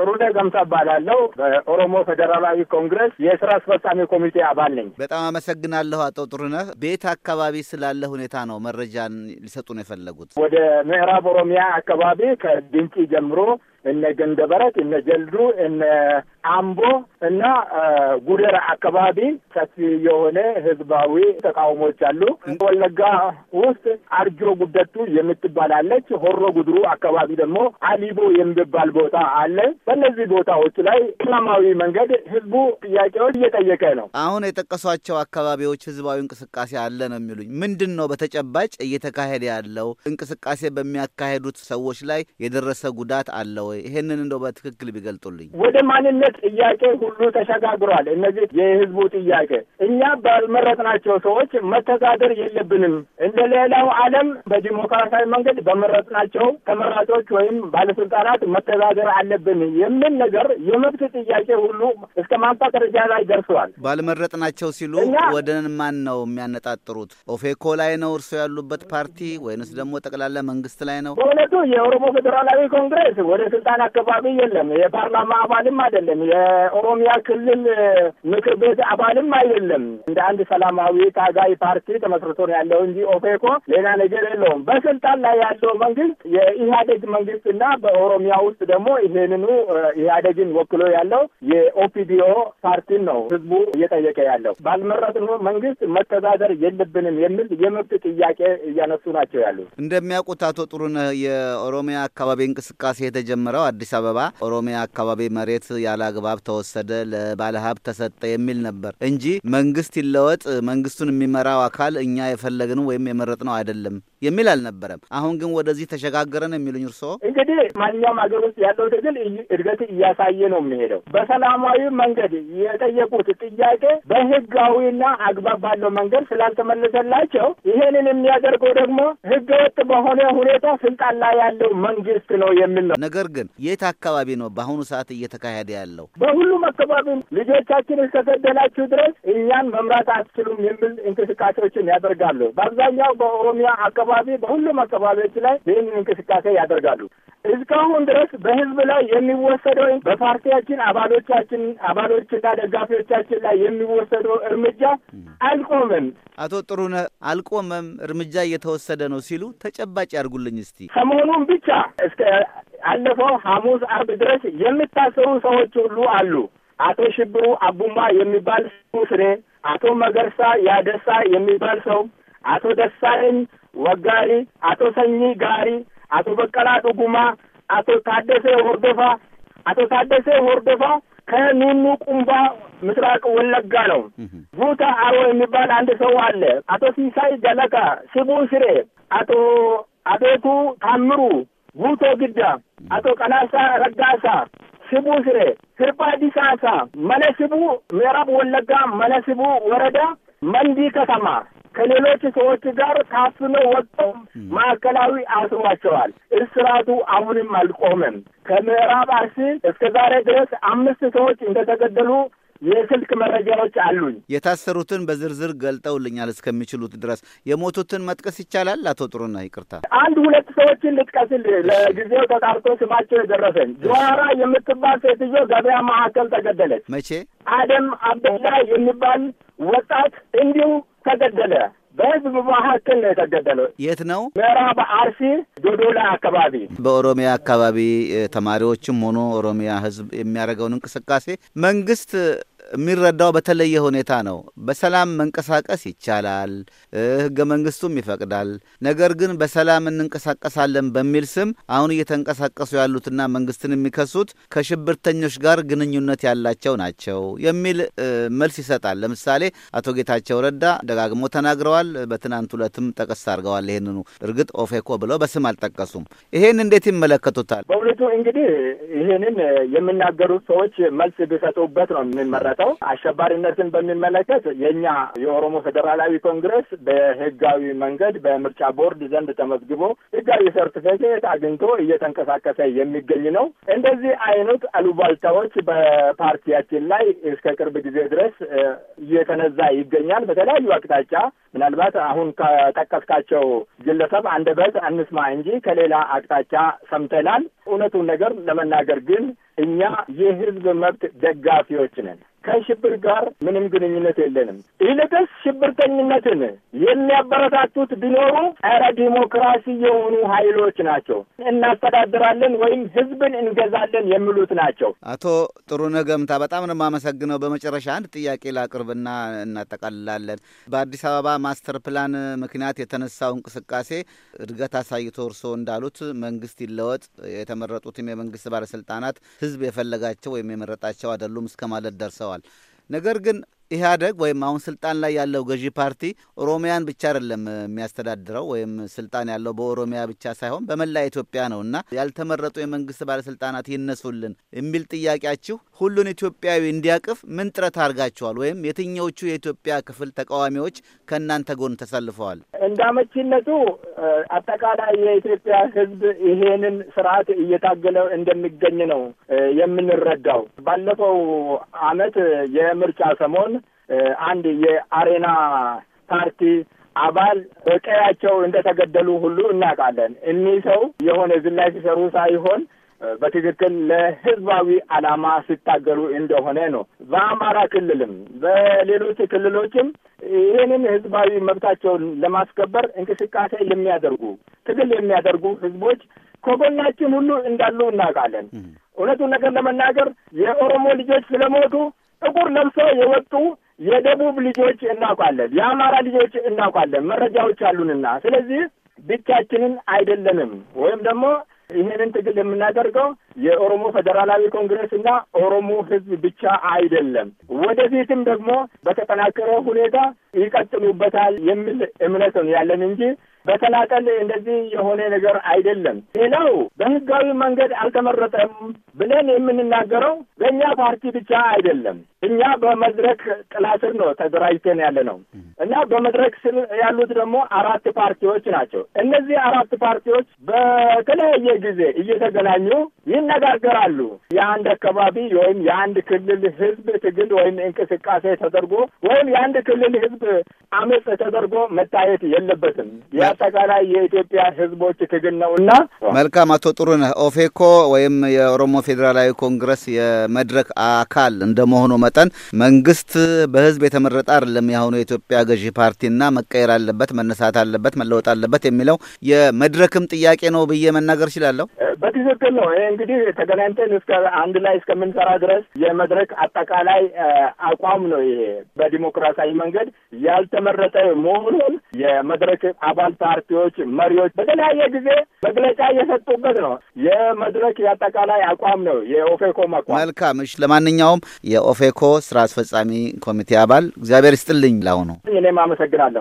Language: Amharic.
ጥሩነህ ገምታ እባላለሁ። በኦሮሞ ፌዴራላዊ ኮንግረስ የስራ አስፈጻሚ ኮሚቴ አባል ነኝ። በጣም አመሰግናለሁ አቶ ጥሩነህ። ቤት አካባቢ ስላለ ሁኔታ ነው መረጃን ሊሰጡን የፈለጉት። ወደ ምዕራብ ኦሮሚያ አካባቢ ከድንቂ ጀምሮ እነ ገንደበረት፣ እነ ጀልዱ፣ እነ አምቦ እና ጉደር አካባቢ ሰፊ የሆነ ህዝባዊ ተቃውሞዎች አሉ። ወለጋ ውስጥ አርጆ ጉደቱ የምትባላለች፣ ሆሮ ጉድሩ አካባቢ ደግሞ አሊቦ የሚባል ቦታ አለ። በእነዚህ ቦታዎች ላይ ሰላማዊ መንገድ ህዝቡ ጥያቄዎች እየጠየቀ ነው። አሁን የጠቀሷቸው አካባቢዎች ህዝባዊ እንቅስቃሴ አለ ነው የሚሉኝ። ምንድን ነው በተጨባጭ እየተካሄደ ያለው እንቅስቃሴ? በሚያካሄዱት ሰዎች ላይ የደረሰ ጉዳት አለው? ወይ? ይሄንን እንደው በትክክል ቢገልጡልኝ። ወደ ማንነት ጥያቄ ሁሉ ተሸጋግሯል። እነዚህ የህዝቡ ጥያቄ እኛ ባልመረጥናቸው ሰዎች መተዳደር የለብንም። እንደ ሌላው ዓለም በዲሞክራሲያዊ መንገድ በመረጥናቸው ተመራጮች ወይም ባለስልጣናት መተዳደር አለብን የሚል ነገር የመብት ጥያቄ ሁሉ እስከ ማንሳት ደረጃ ላይ ደርሰዋል። ባልመረጥናቸው ሲሉ ወደ ማን ነው የሚያነጣጥሩት? ኦፌኮ ላይ ነው እርስዎ ያሉበት ፓርቲ ወይንስ ደግሞ ጠቅላላ መንግስት ላይ ነው? በእውነቱ የኦሮሞ ፌዴራላዊ ኮንግሬስ ወደ ስልጣን አካባቢ የለም። የፓርላማ አባልም አይደለም። የኦሮሚያ ክልል ምክር ቤት አባልም አይደለም። እንደ አንድ ሰላማዊ ታጋይ ፓርቲ ተመስርቶ ነው ያለው እንጂ ኦፌኮ ሌላ ነገር የለውም። በስልጣን ላይ ያለው መንግስት የኢህአዴግ መንግስት እና በኦሮሚያ ውስጥ ደግሞ ይሄንኑ ኢህአዴግን ወክሎ ያለው የኦፒዲዮ ፓርቲን ነው ህዝቡ እየጠየቀ ያለው። ባልመረጥነው መንግስት መተዳደር የለብንም የሚል የመብት ጥያቄ እያነሱ ናቸው ያሉት። እንደሚያውቁት አቶ ጥሩነህ የኦሮሚያ አካባቢ እንቅስቃሴ የተጀመረ የጀመረው አዲስ አበባ ኦሮሚያ አካባቢ መሬት ያለ አግባብ ተወሰደ፣ ለባለሀብት ተሰጠ የሚል ነበር እንጂ መንግስት ይለወጥ፣ መንግስቱን የሚመራው አካል እኛ የፈለግነው ወይም የመረጥነው አይደለም የሚል አልነበረም። አሁን ግን ወደዚህ ተሸጋገረን የሚሉኝ እርስዎ? እንግዲህ ማንኛውም ሀገር ውስጥ ያለው ትግል እድገት እያሳየ ነው የሚሄደው። በሰላማዊ መንገድ የጠየቁት ጥያቄ በህጋዊና አግባብ ባለው መንገድ ስላልተመለሰላቸው ይሄንን የሚያደርገው ደግሞ ህገ ወጥ በሆነ ሁኔታ ስልጣን ላይ ያለው መንግስት ነው የሚል ነው። ነገር ግን የት አካባቢ ነው በአሁኑ ሰዓት እየተካሄደ ያለው? በሁሉም አካባቢ ልጆቻችን እስከገደላችሁ ድረስ እኛን መምራት አትችሉም የሚል እንቅስቃሴዎችን ያደርጋሉ። በአብዛኛው በኦሮሚያ አካባቢ አካባቢ በሁሉም አካባቢዎች ላይ ይህንን እንቅስቃሴ ያደርጋሉ። እስካሁን ድረስ በህዝብ ላይ የሚወሰደው በፓርቲያችን አባሎቻችን አባሎችና ደጋፊዎቻችን ላይ የሚወሰደው እርምጃ አልቆመም። አቶ ጥሩነ አልቆመም፣ እርምጃ እየተወሰደ ነው ሲሉ ተጨባጭ ያርጉልኝ እስቲ። ሰሞኑን ብቻ እስከ አለፈው ሐሙስ፣ አርብ ድረስ የሚታሰሩ ሰዎች ሁሉ አሉ። አቶ ሽብሩ አቡማ የሚባል ሙስኔ፣ አቶ መገርሳ ያደሳ የሚባል ሰው አቶ ደሳለኝ ወጋሪ፣ አቶ ሰኚ ጋሪ፣ አቶ በቀላ ዱጉማ፣ አቶ ታደሰ ሆርዶፋ አቶ ታደሰ ሆርዶፋ ከኑኑ ቁምባ ምስራቅ ወለጋ ነው። ቡታ አሮ የሚባል አንድ ሰው አለ። አቶ ሲሳይ ደለካ ስቡ ስሬ፣ አቶ አቤቱ ታምሩ፣ ቡቶ ግዳ፣ አቶ ቀናሳ ረጋሳ፣ ስቡ ስሬ፣ ስርባ ዲሳሳ፣ መለስቡ ምዕራብ ወለጋ መለስቡ ወረዳ መንዲ ከተማ ከሌሎች ሰዎች ጋር ታፍነው ወጥተው ማዕከላዊ አስሯቸዋል። እስራቱ አሁንም አልቆመም። ከምዕራብ አርሲ እስከ ዛሬ ድረስ አምስት ሰዎች እንደተገደሉ የስልክ መረጃዎች አሉኝ። የታሰሩትን በዝርዝር ገልጠውልኛል እስከሚችሉት ድረስ የሞቱትን መጥቀስ ይቻላል? አቶ ጥሩና ይቅርታ፣ አንድ ሁለት ሰዎችን ልጥቀስልህ። ለጊዜው ተጣርቶ ስማቸው የደረሰኝ ጆዋራ የምትባል ሴትዮ ገበያ ማዕከል ተገደለች። መቼ? አደም አብደላ የሚባል ወጣት እንዲሁ ተገደለ። በህዝብ መካከል ነው የተገደለው። የት ነው? ምዕራብ አርሲ ዶዶላ አካባቢ፣ በኦሮሚያ አካባቢ ተማሪዎችም ሆኖ ኦሮሚያ ህዝብ የሚያደርገውን እንቅስቃሴ መንግስት የሚረዳው በተለየ ሁኔታ ነው። በሰላም መንቀሳቀስ ይቻላል፣ ህገ መንግስቱም ይፈቅዳል። ነገር ግን በሰላም እንንቀሳቀሳለን በሚል ስም አሁን እየተንቀሳቀሱ ያሉትና መንግስትን የሚከሱት ከሽብርተኞች ጋር ግንኙነት ያላቸው ናቸው የሚል መልስ ይሰጣል። ለምሳሌ አቶ ጌታቸው ረዳ ደጋግሞ ተናግረዋል። በትናንት ሁለትም ጠቀስ አድርገዋል ይህንኑ። እርግጥ ኦፌኮ ብለው በስም አልጠቀሱም። ይሄን እንዴት ይመለከቱታል? በእውነቱ እንግዲህ ይህንን የሚናገሩት ሰዎች መልስ ቢሰጡበት ነው የሚመረጠው የደረሰው። አሸባሪነትን በሚመለከት የእኛ የኦሮሞ ፌዴራላዊ ኮንግረስ በህጋዊ መንገድ በምርጫ ቦርድ ዘንድ ተመዝግቦ ህጋዊ ሰርቲፊኬት አግኝቶ እየተንቀሳቀሰ የሚገኝ ነው። እንደዚህ አይነት አሉባልታዎች በፓርቲያችን ላይ እስከ ቅርብ ጊዜ ድረስ እየተነዛ ይገኛል። በተለያዩ አቅጣጫ ምናልባት አሁን ከጠቀስካቸው ግለሰብ አንደበት አንስማ እንጂ ከሌላ አቅጣጫ ሰምተናል። እውነቱን ነገር ለመናገር ግን እኛ የህዝብ መብት ደጋፊዎች ነን። ከሽብር ጋር ምንም ግንኙነት የለንም። ይልቅስ ሽብርተኝነትን የሚያበረታቱት ቢኖሩ ጸረ ዲሞክራሲ የሆኑ ኃይሎች ናቸው። እናስተዳድራለን ወይም ህዝብን እንገዛለን የሚሉት ናቸው። አቶ ጥሩነህ ገምታ በጣም ነው የማመሰግነው። በመጨረሻ አንድ ጥያቄ ላቅርብና እናጠቃልላለን። በአዲስ አበባ ማስተር ፕላን ምክንያት የተነሳው እንቅስቃሴ እድገት አሳይቶ እርስዎ እንዳሉት መንግስት ይለወጥ፣ የተመረጡትም የመንግስት ባለስልጣናት ህዝብ የፈለጋቸው ወይም የመረጣቸው አይደሉም እስከ ማለት ደርሰዋል። ተገልጸዋል። ነገር ግን ኢህአደግ ወይም አሁን ስልጣን ላይ ያለው ገዢ ፓርቲ ኦሮሚያን ብቻ አይደለም የሚያስተዳድረው ወይም ስልጣን ያለው በኦሮሚያ ብቻ ሳይሆን በመላ ኢትዮጵያ ነው እና ያልተመረጡ የመንግስት ባለስልጣናት ይነሱልን የሚል ጥያቄያችሁ ሁሉን ኢትዮጵያዊ እንዲያቅፍ ምን ጥረት አድርጋችኋል? ወይም የትኛዎቹ የኢትዮጵያ ክፍል ተቃዋሚዎች ከእናንተ ጎን ተሰልፈዋል? እንዳመቺነቱ አጠቃላይ የኢትዮጵያ ህዝብ ይሄንን ስርዓት እየታገለ እንደሚገኝ ነው የምንረዳው። ባለፈው አመት የምርጫ ሰሞን አንድ የአሬና ፓርቲ አባል በቀያቸው እንደተገደሉ ሁሉ እናውቃለን። እኒህ ሰው የሆነ ዝላይ ሲሰሩ ሳይሆን በትክክል ለህዝባዊ ዓላማ ሲታገሉ እንደሆነ ነው። በአማራ ክልልም በሌሎች ክልሎችም ይህንን ህዝባዊ መብታቸውን ለማስከበር እንቅስቃሴ የሚያደርጉ ትግል የሚያደርጉ ህዝቦች ከጎናችን ሁሉ እንዳሉ እናውቃለን። እውነቱን ነገር ለመናገር የኦሮሞ ልጆች ስለሞቱ ጥቁር ለብሰው የወጡ የደቡብ ልጆች እናውቃለን፣ የአማራ ልጆች እናውቃለን፣ መረጃዎች አሉንና ስለዚህ ብቻችንን አይደለንም ወይም ደግሞ ይህንን ትግል የምናደርገው የኦሮሞ ፌዴራላዊ ኮንግረስ እና ኦሮሞ ሕዝብ ብቻ አይደለም። ወደፊትም ደግሞ በተጠናከረ ሁኔታ ይቀጥሉበታል የሚል እምነት ነው ያለን እንጂ በተናጠል እንደዚህ የሆነ ነገር አይደለም። ሌላው በህጋዊ መንገድ አልተመረጠም ብለን የምንናገረው በእኛ ፓርቲ ብቻ አይደለም። እኛ በመድረክ ጥላ ስር ነው ተደራጅተን ያለ ነው። እና በመድረክ ስር ያሉት ደግሞ አራት ፓርቲዎች ናቸው። እነዚህ አራት ፓርቲዎች በተለያየ ጊዜ እየተገናኙ ይነጋገራሉ። የአንድ አካባቢ ወይም የአንድ ክልል ህዝብ ትግል ወይም እንቅስቃሴ ተደርጎ ወይም የአንድ ክልል ህዝብ አመፅ ተደርጎ መታየት የለበትም። የአጠቃላይ የኢትዮጵያ ህዝቦች ትግል ነው እና መልካም። አቶ ጥሩነህ ኦፌኮ ወይም የኦሮሞ ፌዴራላዊ ኮንግረስ የመድረክ አካል እንደመሆኑ መጠን መንግስት በህዝብ የተመረጠ አይደለም። የአሁኑ የኢትዮጵያ ገዢ ፓርቲና መቀየር አለበት፣ መነሳት አለበት፣ መለወጥ አለበት የሚለው የመድረክም ጥያቄ ነው ብዬ መናገር እችላለሁ። በትክክል ነው። ይሄ እንግዲህ ተገናኝተን እስከ አንድ ላይ እስከምንሰራ ድረስ የመድረክ አጠቃላይ አቋም ነው። ይሄ በዲሞክራሲያዊ መንገድ ያልተመረጠ መሆኑን የመድረክ አባል ፓርቲዎች መሪዎች በተለያየ ጊዜ መግለጫ እየሰጡበት ነው። የመድረክ የአጠቃላይ አቋም ነው የኦፌኮ አቋም። መልካም እሺ። ለማንኛውም የኦፌኮ ስራ አስፈጻሚ ኮሚቴ አባል እግዚአብሔር ይስጥልኝ። ላሁኑ እኔም አመሰግናለሁ።